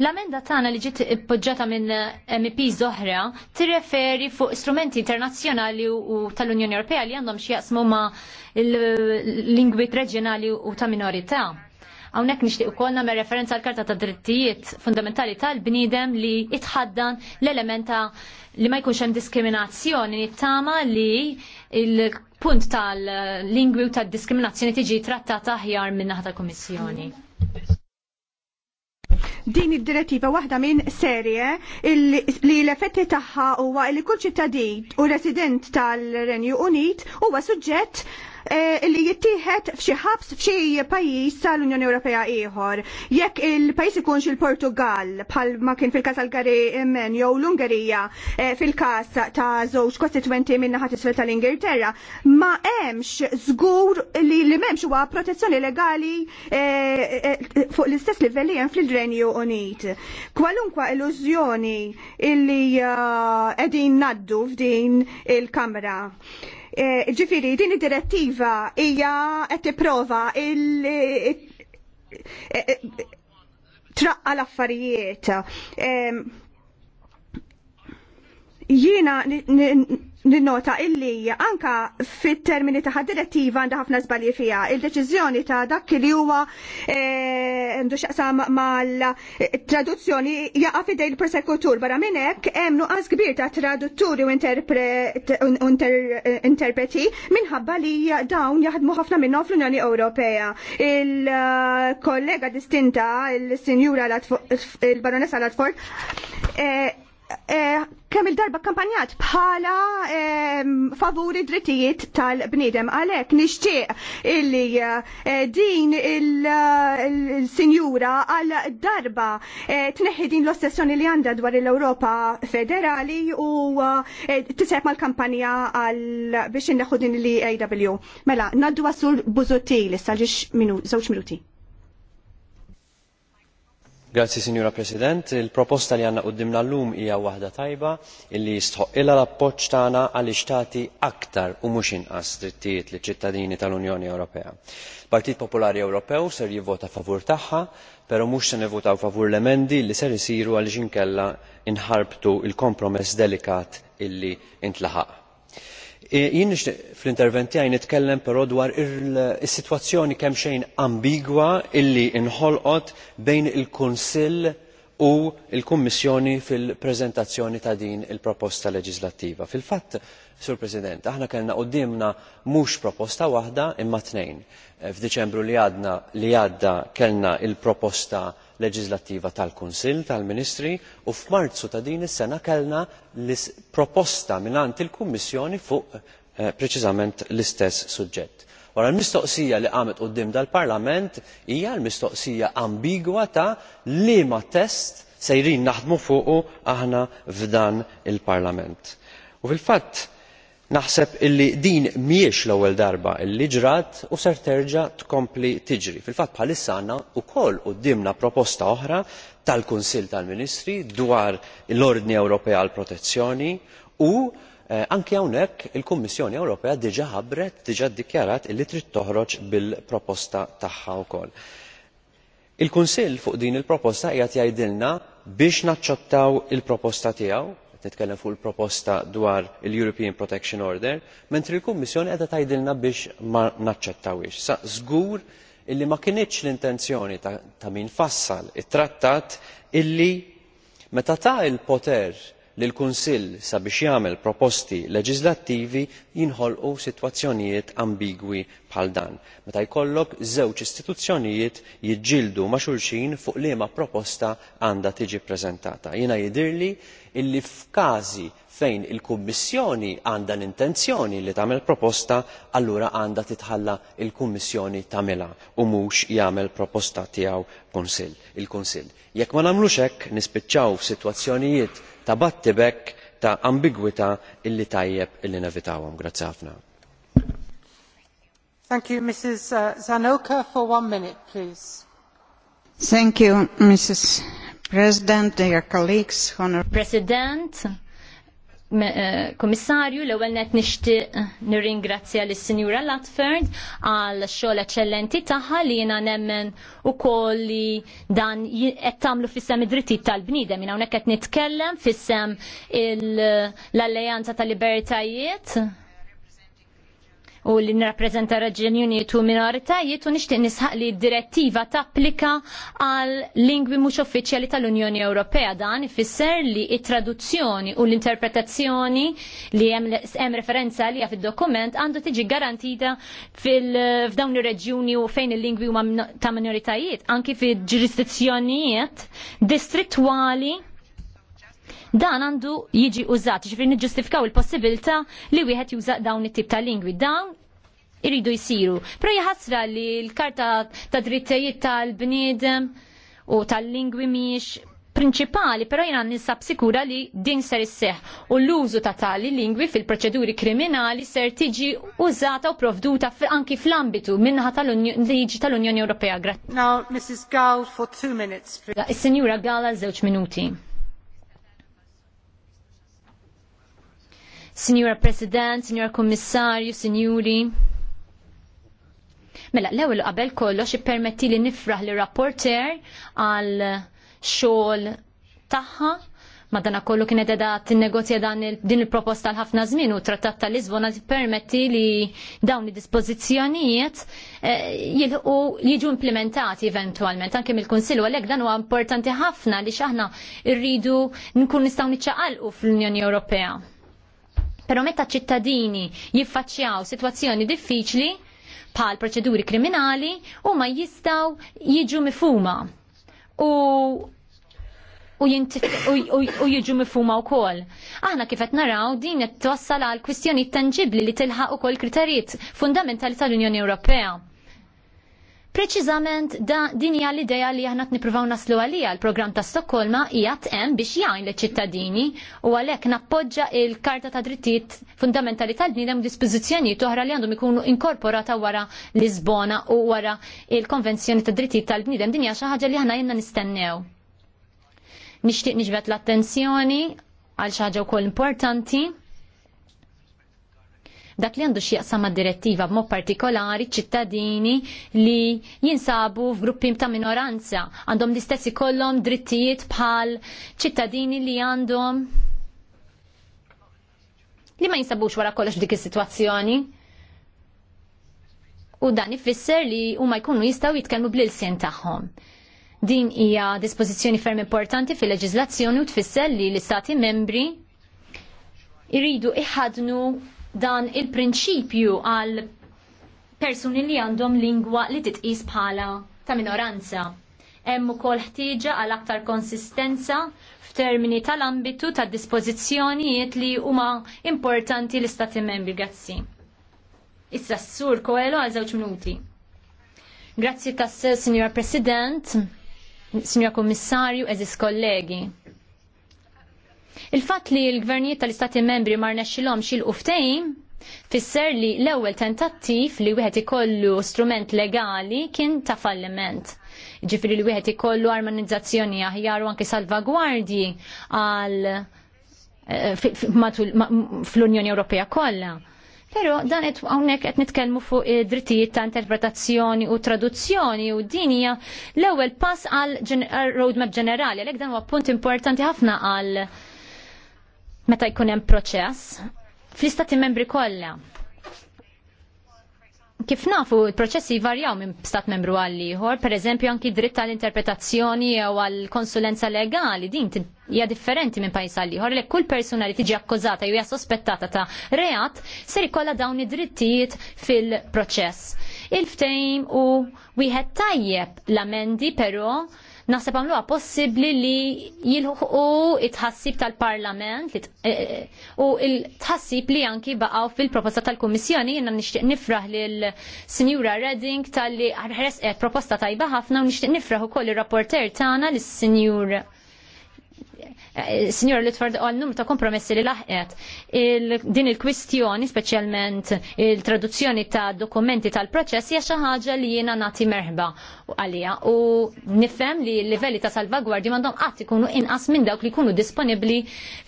L-amenda tagħna li ġiet ippoġġata minn MP Zohra tirreferi fuq strumenti internazzjonali u tal-Unjoni Ewropea li għandhom xi jaqsmu ma' l-lingwi reġjonali u ta' minorità Hawnhekk nixtieq ukoll me referenza għall karta ta' drittijiet fundamentali tal-bniedem li itħaddan l-elementa li ma jkunx hemm diskriminazzjoni nittama li il-punt tal-lingwi u tad-diskriminazzjoni tiġi trattata aħjar minn naħa tal-Kummissjoni din id-direttiva waħda minn serje li l-effetti tagħha huwa li kull ċittadin u resident tal-Renju Unit huwa suġġett Eh, li jittieħed f'xi ħabs f'xi pajjiż tal-Unjoni Ewropea ieħor. Jekk il-pajjiż ikunx il-Portugal bħal ma kien fil-każ tal-Garimen jew l-Ungerija eh, fil-każ ta' żewġ kostitwenti minn naħa isfel tal-Ingilterra, ma hemmx żgur li li m'hemmx huwa protezzjoni legali eh, fuq l-istess livelli hemm fil-Renju Unit. Kwalunkwa illużjoni illi qegħdin naddu f'din il-Kamra. Eh, ġifiri, din id-direttiva hija qed tipprova il eh, eh, traqqa l-affarijiet. Ehm, jiena Ninnota illi anka fit-termini ta' direttiva għandha ħafna żbalji fiha. Il-deċiżjoni ta' dak li huwa eh, għandu mal-traduzzjoni jaqa' fidej il-prosekutur barra minn hekk hemm nuqqas kbir ta' tradutturi u interpreti minħabba li dawn jaħdmu ħafna minnhom fl-Unjoni Ewropea. Il-kollega distinta, il-Sinjura il-Baronessa Latford, eh, Eh, kemm il-darba kampanjat bħala ehm, favuri drittijiet tal-bniedem għalhekk nixtieq illi eh, din il-sinjura għal darba eh, tneħħi din l-ossessjoni li għandha dwar l-Ewropa Federali u tiseb mal-kampanja għal biex inneħu din l-AW. Mela, naddu għasur buzuti l-issa żewġ minuti. Grazzi Signora President, il-proposta li għanna qoddimna l-lum hija waħda tajba illi jistħoq ilha l-appoġġ tagħna għaliex tagħti aktar u mhux inqas drittijiet liċ ċittadini tal-Unjoni Ewropea. partit Popolari Ewropew ser jivvota favur tagħha, però mhux se nivvotaw favur l-emendi li ser isiru għaliex inkella inħarbtu l-kompromess delikat illi intlaħaq Jien fl-interventi għaj nitkellem però dwar is-sitwazzjoni kemm xejn ambigwa illi inħolqot bejn il-Kunsill u l-Kummissjoni fil-preżentazzjoni ta' din il-proposta leġislattiva. Fil-fatt, Sur President, aħna kellna qudiemna mhux proposta waħda imma tnejn. Eh, F'Diċembru li għadna li għadda kellna il-proposta leġislattiva tal kunsill tal ministri u f'marzu ta' din is-sena kellna proposta mingħand il kummissjoni fuq eh, preċiżament l-istess suġġett. Wara l-mistoqsija li qamet quddiem dal parlament hija l-mistoqsija ambigwa ta' liema test sejrin naħdmu fuqu aħna f'dan il parlament. u fil fatt naħseb illi din mhijiex l-ewwel darba illi ġrat u ser terġa' tkompli tiġri. Fil-fatt bħalissa għandna wkoll qudiemna proposta oħra tal-Kunsill tal-Ministri dwar l-Ordni Ewropea għall Protezzjoni u eh, anke hawnhekk il-Kummissjoni Ewropea diġà ħabbret diġà ddikjarat illi trid toħroġ bil-proposta tagħha wkoll. Il-Kunsill fuq din il-proposta qiegħed jgħidilna biex naċċettaw il-proposta tiegħu titkellem fuq il-proposta dwar il-European Protection Order, mentri l-Kummissjoni qiegħda tgħidilna biex ma naċċettawhiex. Sa żgur illi ma kinitx l-intenzjoni ta', min fassal it-trattat illi meta ta' il-poter li l kunsill sabiex jagħmel proposti leġislattivi jinħolqu sitwazzjonijiet ambigwi bħal dan meta jkollok żewġ istituzzjonijiet jiġġieldu ma' xulxin fuq liema proposta għandha tiġi ppreżentata. Jiena jidhirli illi f'każi fejn il-Kummissjoni għandha l-intenzjoni li tagħmel proposta, allura għandha titħalla il-Kummissjoni tagħmilha u mhux jagħmel proposta tiegħu kunsill il-Kunsill. Jekk ma nagħmlux hekk nispiċċaw f'sitwazzjonijiet ta' battibek ta' ambigwità illi tajjeb illi nevitawhom. Grazzi ħafna. Thank you, Mrs. Uh, Zanoka, for one minute, please. Thank you, Mrs. President, dear colleagues, honor... President, eh, Komissarju, l ewwel net nixtieq nirringrazzja lis sinjura Latford għal xogħol eċċellenti tagħha li jiena nemmen ukoll li dan qed tagħmlu fis-sem id-drittijiet tal-bniedem. Jiena hawnhekk qed nitkellem fis-sem l-Alleanza tal-Libertajiet u li nirrappreżenta raġunjonijiet u minoritajiet u nixtieq nisħaq li d-direttiva tapplika għal lingwi mhux uffiċjali tal-Unjoni Ewropea dan ifisser li it-traduzzjoni u l-interpretazzjoni li hemm referenza li fid-dokument għandu tiġi garantita f'dawn ir-reġjuni u fejn il-lingwi huma ta' minoritajiet anki fi ġurisdizzjonijiet distrittwali dan għandu jiġi użat, ġifri niġġustifikaw il-possibilta li wieħed juża dawn it-tip ta' lingwi. Dawn iridu jisiru. Pro jħasra li l-karta ta' drittajiet tal-bniedem u tal-lingwi miex prinċipali, pero jina nisab sikura li din ser isseħ u l-użu ta' tali lingwi fil-proċeduri kriminali ser tiġi użata u provduta anki fl-ambitu minnaħa tal-liġi tal-Unjoni Ewropea. Now, Mrs. Gall, for two minutes, please. Is-Sinjura Gala, zewċ minuti. Signora President, Signora Kommissarju, Signori. Mela, l-ewel qabel kollox ippermetti li nifraħ li rapporter għal xogħol tagħha madana kollu kienet edha t-negozja din il-proposta l-ħafna żmien u trattat tal Lisbona permetti li dawn id-dispożizzjonijiet eh, jilħu jiġu implementati eventualment anke mill-Kunsill u għalhekk dan huwa importanti ħafna li x'aħna rridu nkun nistgħu niċċaqalqu fl-Unjoni Ewropea. Pero meta ċittadini jiffaċċjaw situazzjoni diffiċli, bħal proċeduri kriminali, huma jistaw jiġu mifuma. U u, u, u jiġu mifuma u kol. Aħna kifet naraw din qed twassal għal kwistjoni tangibli li tilħaq ukoll kriterijiet fundamentali tal-Unjoni Ewropea Preċiżament din hija l-idea li aħna nippruvaw naslu għalija l-programm ta' Stokkolma hija hemm biex jgħin liċ-ċittadini u għalhekk nappoġġa il-Karta ta' Drittijiet Fundamentali tal bnidem u dispożizzjonijiet oħra li għandhom ikunu inkorporata wara Lisbona u wara il-Konvenzjoni ta' Drittijiet tal-Bniedem din hija xi ħaġa li aħna jenna nistennew. Nixtieq niġbed l-attenzjoni għal xi ħaġa wkoll importanti dak li għandu xieqsa ma' direttiva b'mod partikolari ċittadini li jinsabu f'gruppim ta' minoranza għandhom l-istess ikollhom drittijiet bħal ċittadini li għandhom li ma jinsabux wara kollox dik is-sitwazzjoni. U dan ifisser li huma jkunu jistgħu jitkellmu bl-ilsien tagħhom. Din hija dispożizzjoni ferm importanti fil-leġiżlazzjoni u tfisser li l-istati membri iridu iħadnu dan il-prinċipju għal persuni li għandhom lingwa li titqis bħala ta' minoranza. Hemm ukoll ħtieġa għal aktar konsistenza f'termini tal-ambitu ta' dispożizzjonijiet li huma importanti l-Istati membri grazzi. Issa s-sur koelo għal żewġ minuti. Grazzi tas, Signor President, Signor Kummissarju, eżis kollegi. Il-fatt li l-gvernijiet tal-istati membri marna xilom xil uftejn fisser li l-ewwel tentattiv li wieħed ikollu strument legali kien ta' falliment. Ġifiri li wieħed ikollu armonizzazzjoni aħjar u anke salvagwardji għal eh, fl-Unjoni Ewropea kollha. Pero dan hawnhekk qed nitkellmu fuq id-drittijiet ta' interpretazzjoni u traduzzjoni u din hija l-ewwel pass għal roadmap ġenerali, għalhekk dan huwa punt importanti ħafna għal meta jkun hemm proċess fl-istati membri kollha. Kif nafu, il-proċessi jvarjaw minn stat membru għal ieħor, pereżempju anki dritt għall interpretazzjoni jew għall konsulenza legali, din hija differenti minn pajjiż għal ieħor, lek kull persuna li tiġi akkużata jew hija sospettata ta' reat ser ikollha dawn id-drittijiet fil-proċess. Il-ftejm u wieħed tajjeb l-amendi però Naħseb għamluha possibbli li jilħu it-tħassib tal-Parlament eh, eh, u il-tħassib li anki baqgħu fil-proposta tal-Kummissjoni jiena nixtieq nifraħ lil Sinjura Redding tal-li eh, proposta tajba ħafna u nixtieq nifraħ ukoll ir-rapporter tagħna lis-Sinjur Signor Litford, għal numru ta' kompromessi li laħqet din il-kwistjoni, specialment il-traduzzjoni ta' dokumenti tal-proċess, hija xi ħaġa li jiena nagħti merħba għalija u nifhem li l-livelli ta' salvagwardji m'għandhom qatt ikunu inqas minn dawk li jkunu disponibbli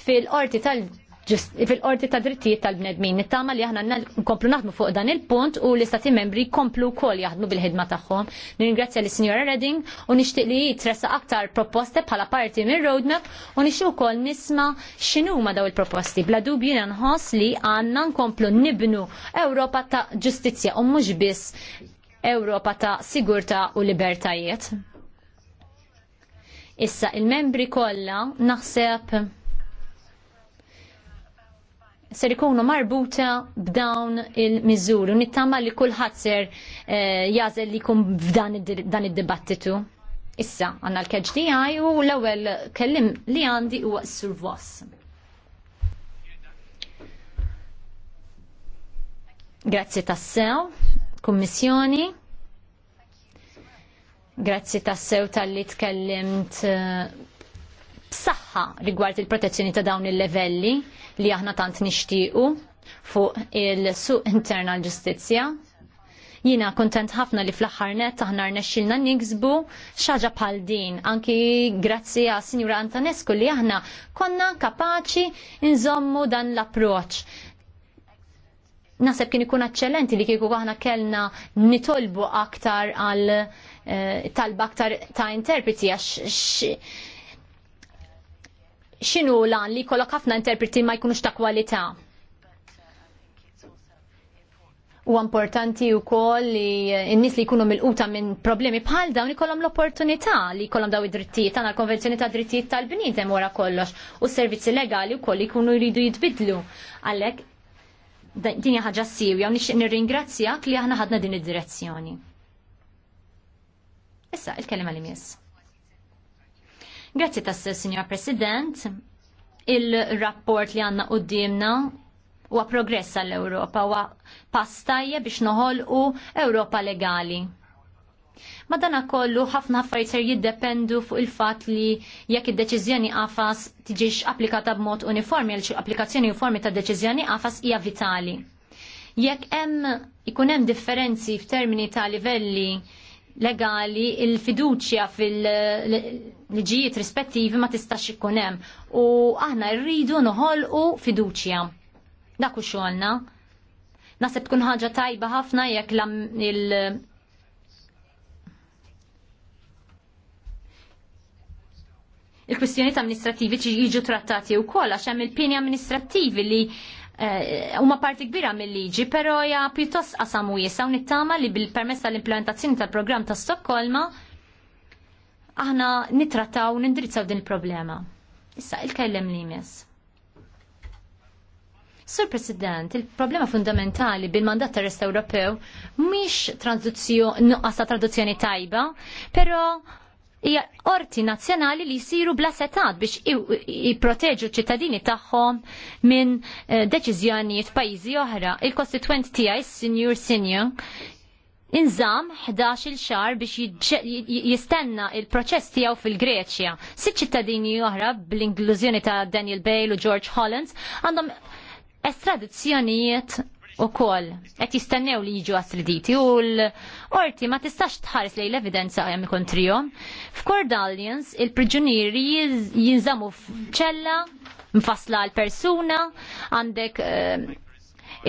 fil-qorti tal- fil-qorti ta' drittijiet tal-bnedmin. Nittama li aħna nkomplu naħdmu fuq dan il-punt u l-istati membri komplu kol jaħdmu bil-ħidma tagħhom. Ningrazzja li Signora Redding u nixtieq li jitressa aktar proposte bħala parti minn roadmap u nixtieq ukoll nisma x'inhuma daw il-proposti. Bla dubju jiena nħoss li għandna nkomplu nibnu Ewropa ta' ġustizzja u mhux biss Ewropa ta' sigurta u libertajiet. Issa il-membri kollha naħseb ser ikunu marbuta b'dawn il-miżuri u nittama li kulħadd ser eh, jażel li jkun f'dan id-dibattitu. Issa, għanna l-keġ di għaj u l-ewel kellim li għandi u s-sur Voss. Grazzi tassew, kummissjoni. Grazzi tassew tal-li tkellimt eh, b'saħħa rigward il-protezzjoni ta' dawn il-levelli li aħna tant nixtiequ fuq il-suq interna l-ġustizzja. Jina kontent ħafna li fl-aħħar net aħna rnexxilna niksbu xaġa bħal din, anki grazzi għas Sinjura Antonescu li aħna konna kapaċi nżommu dan l-approċ. Naseb kien ikun eccellenti li kieku aħna kellna nitolbu aktar għal eh, talba aktar ta' interpreti għax xinu lan li kollok ħafna interpreti ma jkunux ta' kwalità. U importanti u koll li n-nis li jkunu mil-quta minn problemi bħal dawn ikollhom l-opportunità li jkollhom daw id-drittijiet tagħna l-konvenzjoni ta' drittijiet tal-bniedem wara kollox u s-servizzi legali wkoll jkunu jridu jitbidlu. Għalhekk din hija ħaġa sirja u nixtieq nirringrazzjak li aħna ħadna din id-direzzjoni. Issa, il kelima li miss. Grazzi tasse, Signor President. Il-rapport li għanna u huwa progress għall europa huwa pastajja biex noħolqu Ewropa legali. dana kollu ħafna affarijiet ser jiddependu fuq il-fatt li jekk id-deċiżjoni għafas tiġix applikata b'mod uniformi għal applikazzjoni uniformi ta' deċiżjoni għafas hija vitali. Jekk hemm ikun hemm differenzi f'termini ta' livelli legali il-fiduċja fil-liġijiet rispettivi ma tistax ikun hemm u aħna rridu noħolqu fiduċja. Dak u xogħolna. Nasib tkun ħaġa tajba ħafna jekk il il-kwistjoniet amministrativi ċi jiġu trattati u koll, għax hemm il-pieni amministrativi li Eh, huma parti kbira mill-liġi, però hija pjuttost qasam u jisa nittama li bil-permess tal-implementazzjoni tal-programm ta' Stokkolma aħna nitrattaw nindirizzaw din il-problema. Issa, il-kellem li jmiss. Sur President, il-problema fundamentali bil-mandat tar rest Ewropew mhix nuqqas ta' traduzzjoni tajba, però hija orti nazzjonali li jsiru bla setat biex jipproteġu ċittadini tagħhom minn eh, deċiżjonijiet pajjiżi oħra. Il-kostitwent tiegħi, Sinjur Sinjur, inżam 11-il xar biex jistenna il-proċess tiegħu fil-Greċja. Sitt ċittadini oħra bl-inklużjoni ta' Daniel Bale u George Hollands għandhom estradizzjonijiet u kol qed jistennew li jiġu għastriditi u l-orti ma tistax tħares lejn l-evidenza għajam ikun trijom. F'Cordallians il-priġunieri jinżamu f'ċella mfasla l-persuna għandek eh,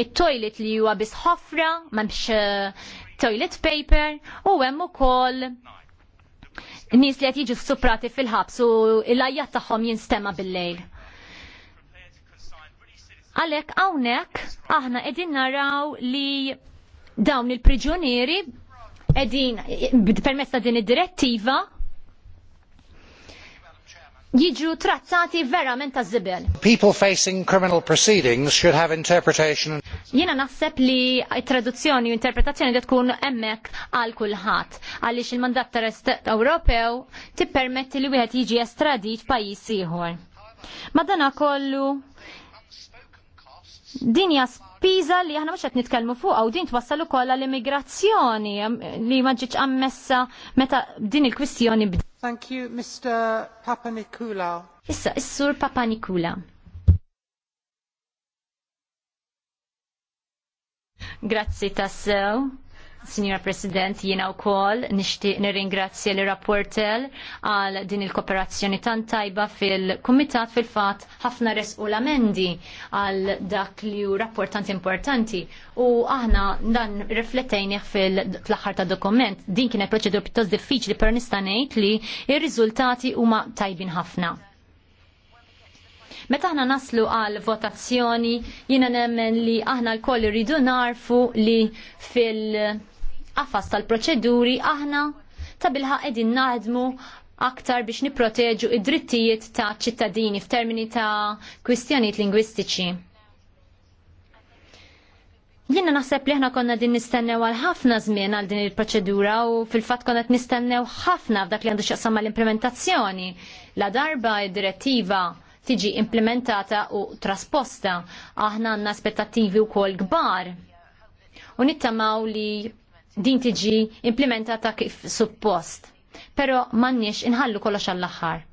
it-toilet li huwa biss ħofra m'hemmx eh, toilet paper u hemm ukoll nies li qed jiġu suprati fil-ħabs u l-ajjat tagħhom jinstema' bil-lejl. Għalek għawnek aħna edin naraw li dawn il-prigjonieri edin permessa din id-direttiva jiġu trazzati verament ta' zibel. People facing criminal proceedings should have interpretation. Jiena naħseb li traduzzjoni u interpretazzjoni da tkun emmek għal kulħadd għaliex il-mandat ta' rest Ewropew tippermetti li wieħed jiġi estradit pajjiż ieħor. Madana kollu Din hija spiża li aħna mhux qed nitkellmu fuqha u din twassal ukoll l-immigrazzjoni li ma ġietx ammessa meta din il-kwistjoni bdiet. Thank you, Mr. Papa Nikula. Issa, is-sur Papa Nikula. Grazzi tassew. Signora President, jiena wkoll nir nirringrazzja li rapportel għal din il-kooperazzjoni tan tajba fil-Kumitat fil fatt ħafna resqu l-amendi għal dak li hu rapportant importanti u aħna dan riflettejnih fil-aħħar ta' dokument. Din kienet proċedur pjuttost diffiċli per nista' ngħid li ir-riżultati huma tajbin ħafna. Meta aħna naslu għal votazzjoni, jiena nemmen li aħna l-koll rridu narfu li fil- għafas tal-proċeduri aħna ta' bilħa qegħdin naħdmu aktar biex nipproteġu id-drittijiet ta' ċittadini f'termini ta' kwistjonijiet lingwistiċi. Jiena naħseb li ħna konna din nistennew għal ħafna żmien għal din il-proċedura u fil-fatt konna nistennew ħafna f'dak li għandu x'jaqsam mal-implementazzjoni. La darba id-direttiva tiġi implementata u trasposta. Aħna għandna aspettattivi wkoll kbar. U nittamaw li din tiġi implementata kif suppost. Pero m'għandniex inħallu kollox għall-aħħar.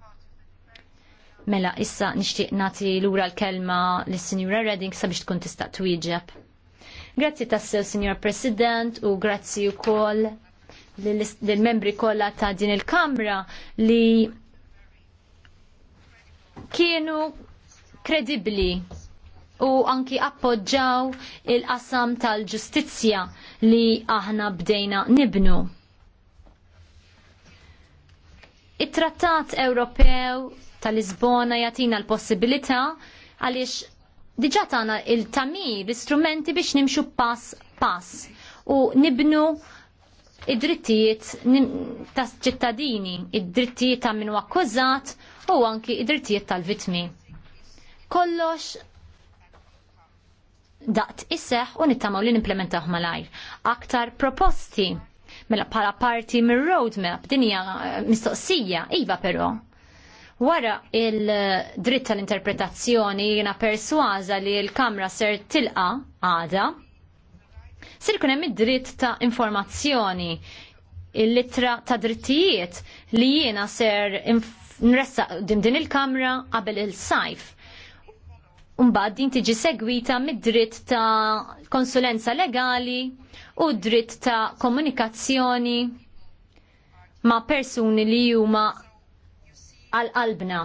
Mela, issa nixtieq nagħti lura l-kelma lis-Sinjura Redding sabiex tkun tista' twieġeb. Grazzi tassew, Signor President, u grazzi wkoll lill-membri kollha ta' din il-Kamra li kienu kredibbli u anki appoġġaw il-qasam tal-ġustizzja li aħna bdejna nibnu. It-Trattat Ewropew tal-Lisbona jatina l-possibilità għaliex diġà tagħna il-tamir l-istrumenti biex nimxu pass pass u nibnu id-drittijiet ta' ċittadini, id-drittijiet ta' minu akkużat u anki id-drittijiet tal-vitmi. Kollox daqt isseħ u nittamaw li nimplementaw malajr. Aktar proposti mela bħala parti mir roadmap dinja eh, mistoqsija, iva però. Wara il-dritt tal-interpretazzjoni jina persważa li l-kamra ser tilqa għada, sir kunem hemm id-dritt ta' informazzjoni il-litra ta' drittijiet li jiena ser nressa din din il-kamra qabel il-sajf. Umbad din tiġi segwita mid-dritt ta' konsulenza legali u dritt ta' komunikazzjoni ma' persuni li huma għal-qalbna.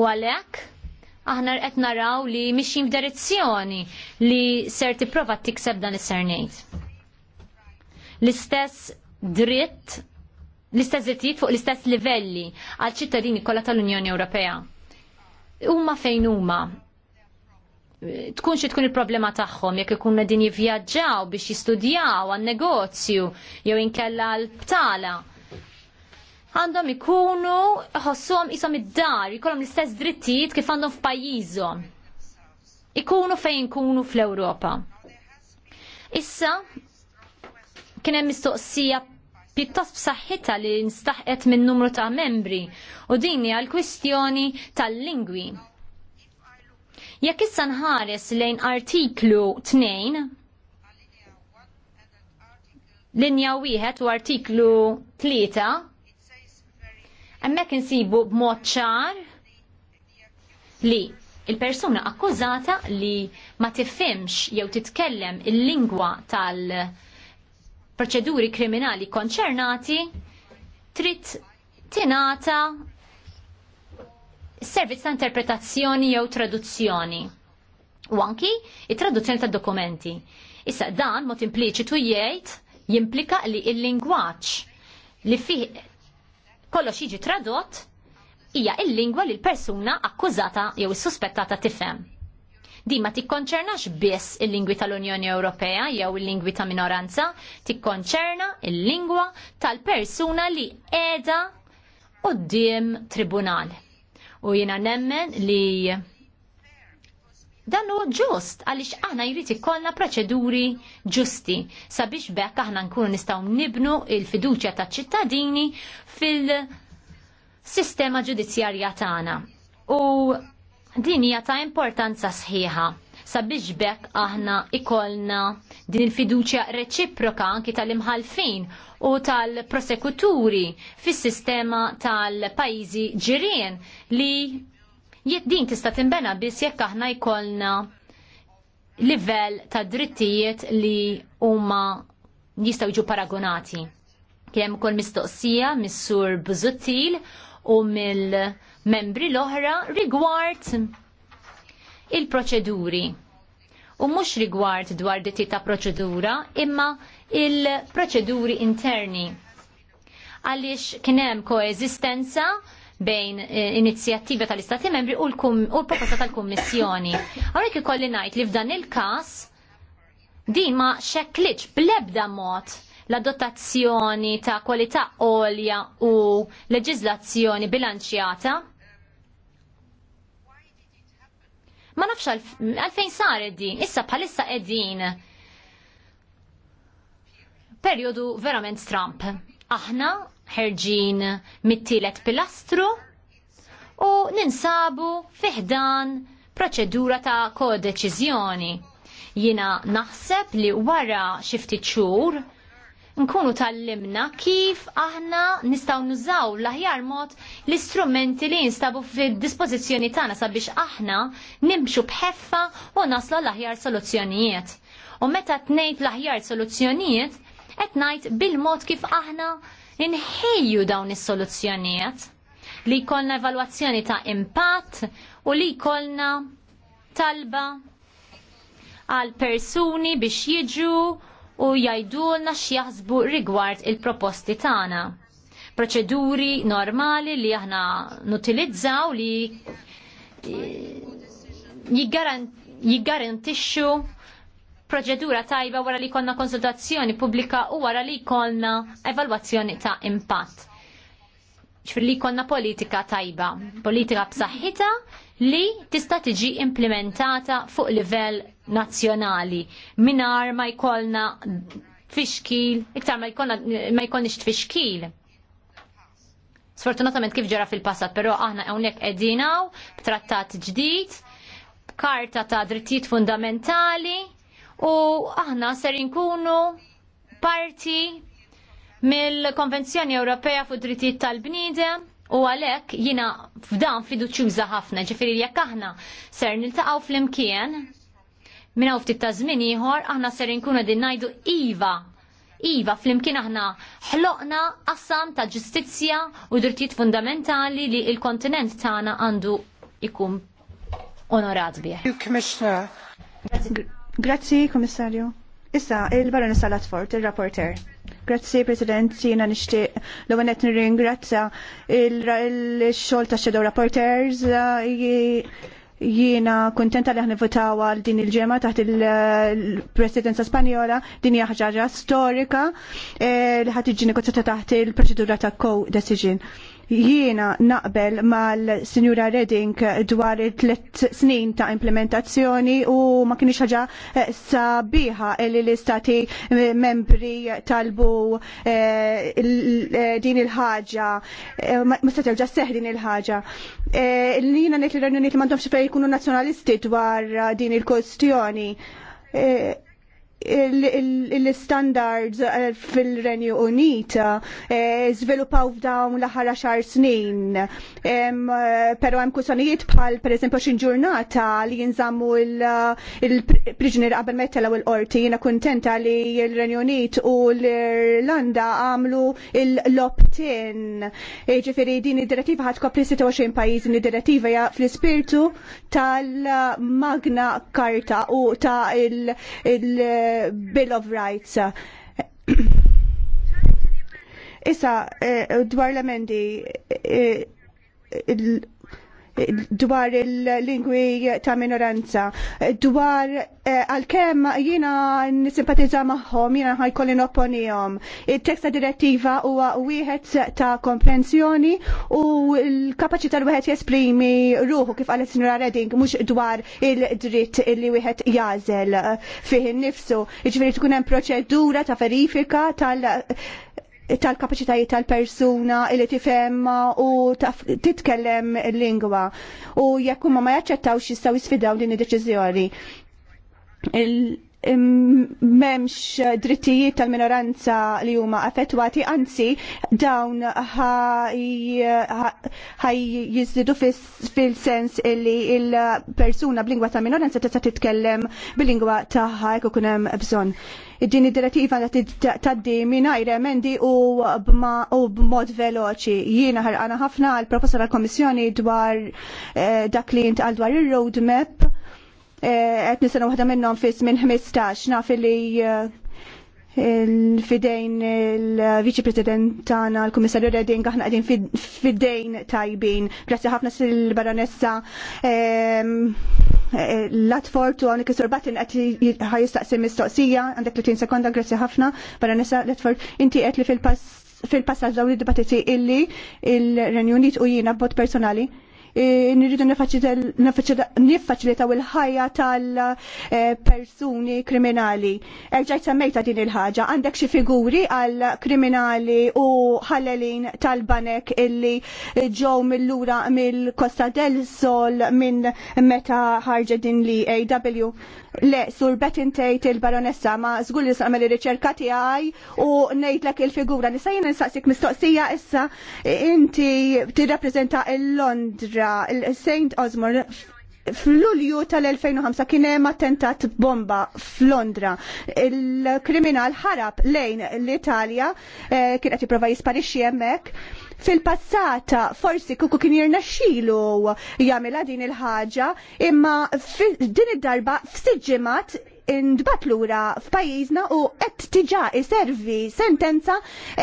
U għalhekk aħna qed naraw li mixin f'direzzjoni li ser tipprova tikseb dan is-sernejt. L-istess dritt l-istess drittijiet fuq l-istess livelli għal ċittadini kollha tal-Unjoni Ewropea. Huma fejn huma tkun xi tkun il-problema tagħhom jekk ikun din jivvjaġġaw biex jistudjaw għan-negozju jew inkella l-btala. Għandhom ikunu ħossuhom jisom id-dar, jikolom l-istess drittijiet kif għandhom f'pajjiżhom. Ikunu fejn kunu fl-Ewropa. Issa kien hemm mistoqsija pjuttost b'saħħitha li nstaħqet minn numru ta' membri u din hija l-kwistjoni tal-lingwi Jekk issa nħares lejn artiklu 2 linja wieħed u artiklu 3 hemmhekk insibu b'mod ċar li il-persuna akkużata li ma tifhimx jew titkellem il-lingwa tal-proċeduri kriminali konċernati trid tingħata servizz ta' interpretazzjoni jew traduzzjoni. U anki it-traduzzjoni ta' dokumenti. Issa dan mod impliċitu jgħid jimplika li il-lingwaġġ li fih kollox jiġi tradott hija il-lingwa li l-persuna akkużata jew suspettata tifhem. Di ma tikkonċernax biss il-lingwi tal-Unjoni Ewropea jew il-lingwi ta' minoranza, tikkonċerna il-lingwa tal-persuna li qiegħda quddiem tribunal U jiena nemmen li dan u ġust għaliex aħna jrid ikollna proċeduri ġusti sabiex bekk aħna nkunu nistgħu nibnu il-fiduċja taċ-ċittadini fil-sistema ġudizzjarja tagħna. U din hija ta' importanza sħiħa sabiex bekk aħna ikolna din il-fiduċja reċiproka anki tal-imħalfin u tal-prosekuturi fis sistema tal pajjiżi ġirien li din tista' timbena biss jekk aħna jkollna livell ta' drittijiet li huma jistgħu jiġu paragonati. Kien hemm ukoll mistoqsija mis-sur Buzuttil u mill-membri l-oħra rigward il-proċeduri. U mhux rigward dwar ditti ta' proċedura, imma il-proċeduri interni. Għaliex kien hemm koeżistenza bejn eh, inizjattiva tal-Istati membri u l-proposta tal-Kummissjoni. Għorek ikolli ngħid li f'dan il-każ din ma xekliċ blebda mod l dotazzjoni ta' kwalità għolja u leġiżlazzjoni bilanċjata Ma nafx għalfejn sar din, issa bħalissa qegħdin perjodu verament stramp. Aħna ħerġin mit-tielet pilastru u ninsabu fiħdan proċedura ta' kodeċiżjoni. Jina naħseb li wara xi ftit xhur nkunu tal-limna kif aħna nistaw nużaw l-aħjar mod l-istrumenti li jinstabu fil-dispozizjoni tagħna sabiex aħna nimxu bħeffa u naslu l-aħjar soluzzjonijiet. U meta tnejt l-aħjar soluzzjonijiet, qed ngħid bil-mod kif aħna nħejju dawn is-soluzzjonijiet li jkollna evalwazzjoni ta' impatt u li jkollna talba għal persuni biex jiġu u jgħidulna x'jaħsbu rigward il-proposti tagħna. Proċeduri normali li aħna nutilizzaw li e, jiggarantixxu proċedura tajba wara li konna konsultazzjoni pubblika u wara li konna evalwazzjoni ta' impatt. ċfir li konna politika tajba, politika b'saħħita li tista' tiġi implementata fuq livell nazzjonali minar ma jkollna fiskil, iktar ma jkollna ma jkollniex tfiskil. Sfortunatament kif ġara fil-passat, però aħna hawnhekk qegħdinaw b'trattat ġdid, b'karta ta' drittijiet fundamentali u aħna ser inkunu parti mill-Konvenzjoni Ewropea fuq drittijiet tal-bniedem u għalhekk jiena f'dan fiduċjuża ħafna, ġifieri jekk aħna ser niltaqgħu flimkien minna ftit ta' żmien ieħor aħna ser inkunu din ngħidu iva. Iva flimkien aħna ħloqna qassam ta' ġustizzja u drittijiet fundamentali li il-kontinent tagħna għandu ikun onorat bih. Grazzi, Komissarju. Issa, il-Baronessa Latford, il-rapporter. Grazzi, President, jina nishtiq l għanet nirringrazzja il-xol ta' Shadow Rapporters jiena kontenta li ħni votaw għal din il-ġemma taħt il-presidenza spanjola, din hija ħaġa storika eh, li ħadd tiġi negozjata taħt il-proċedura ta' co-decision. Jiena naqbel mal-Sinjura Redding dwar it-tlet snin ta' implementazzjoni u ma kienx ħaġa eh, sabiħa li l-istati eh, membri talbu eh, din il-ħaġa ma se terġa' seħ din il-ħaġa. li jiena ngħid li l-Unjoni li m'għandhomx fejn jkunu nazzjonalisti dwar din il-kwestjoni l-standards eh, fil-Renju Unit żviluppaw eh, f'dawn l-aħħar xar snin. Eh, Però hemm kusanijiet bħal pereżempju xi ġurnata li jinżammu l-priġnier qabel ma jittelaw il-qorti. Jiena kuntenta li l-Renju Unit u l-Irlanda għamlu l-opt-in. Ġifieri din id-direttiva ħad kopri 26 pajjiż din id-direttiva hija fl-ispirtu tal-Magna Karta u ta' il- Bill of Rights. Issa, eh, dwar l-emendi, eh, dwar il-lingwi ta' minoranza, dwar eh, għal-kem jina nisimpatiza maħħom, jina ħajkolli opponijom. Il-teksta direttiva huwa wieħed ta' komprensjoni u l-kapacità l wieħed jesprimi ruħu kif għalet sinura Redding, mux dwar il-dritt li wieħed jazel fih nifsu. Iġveri tkun hemm proċedura ta' verifika tal- tal-kapacitajiet tal-persuna li tifemma u titkellem lingwa u jekk huma ma jaċċettawx jistgħu jisfidaw din id-deċiżjoni. Memx drittijiet tal-minoranza li huma affettwati, anzi dawn ħaj jizdidu fil-sens illi il-persuna b'lingwa ta' minoranza tista' titkellem bil-lingwa tagħha jekk ikun hemm bżonn din id-direttiva li taddi mingħajr emendi u b'mod veloċi. Jina ħarqana ħafna għal proposta tal-Komissjoni dwar eh, dak li jint għal dwar ir-roadmap eh, Għet nisena waħda minnhom fis minn 15 naf li eh, fidejn il-Viċi President tana l-Kummissarju Reding aħna qegħdin fidejn tajbin. Grazie ħafna sil-Baronessa l atfortu għonik s-sorbatin għat ħajistaqsi mistoqsija, għandek 30 sekonda, grazzi ħafna, barra nisa l-atfort, inti għet li fil-passagġ dawn id-dibattiti illi il-Renjunit u jina bot personali. E, nirridu nifaċilitaw il-ħajja tal-persuni kriminali. Erġajt semmejta din il-ħaġa, għandek xi figuri għal kriminali u ħallelin tal-banek illi ġew mill-lura mill-Costa del Sol minn meta ħarġa din li AW Le, sur betin tejt il-baronessa ma zgull li għamil il-riċerka għaj u lak il-figura. Nisajin nsaqsik mistoqsija issa inti tirrapprezenta il-Londra, il saint Osmond Fl-Lulju tal-2005 kien hemm attentat bomba f'Londra. Il-kriminal ħarab lejn l-Italja eh, kien qed jipprova jisparixxi hemmhekk Fil-passata forsi kuku kien xilu jagħmilha din il-ħaġa, imma din id-darba f'sitt ġimgħat indbat lura f'pajjiżna u qed tiġa iservi sentenza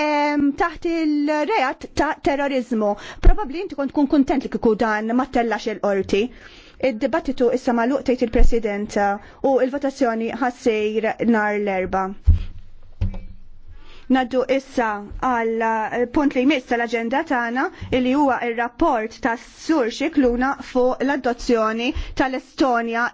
ehm, taħt il-reat ta' terrorizmu. Probabbli inti kont tkun kuntent li kieku dan ma tellax il-qorti id-dibattitu issa maluq tgħid il-President u l votazzjoni ħassir nhar l-erba. Naddu issa għal eh, punt li jmiss tal-agenda tagħna li huwa ir-rapport tas-sur Xikluna fuq l-adozzjoni tal-Estonja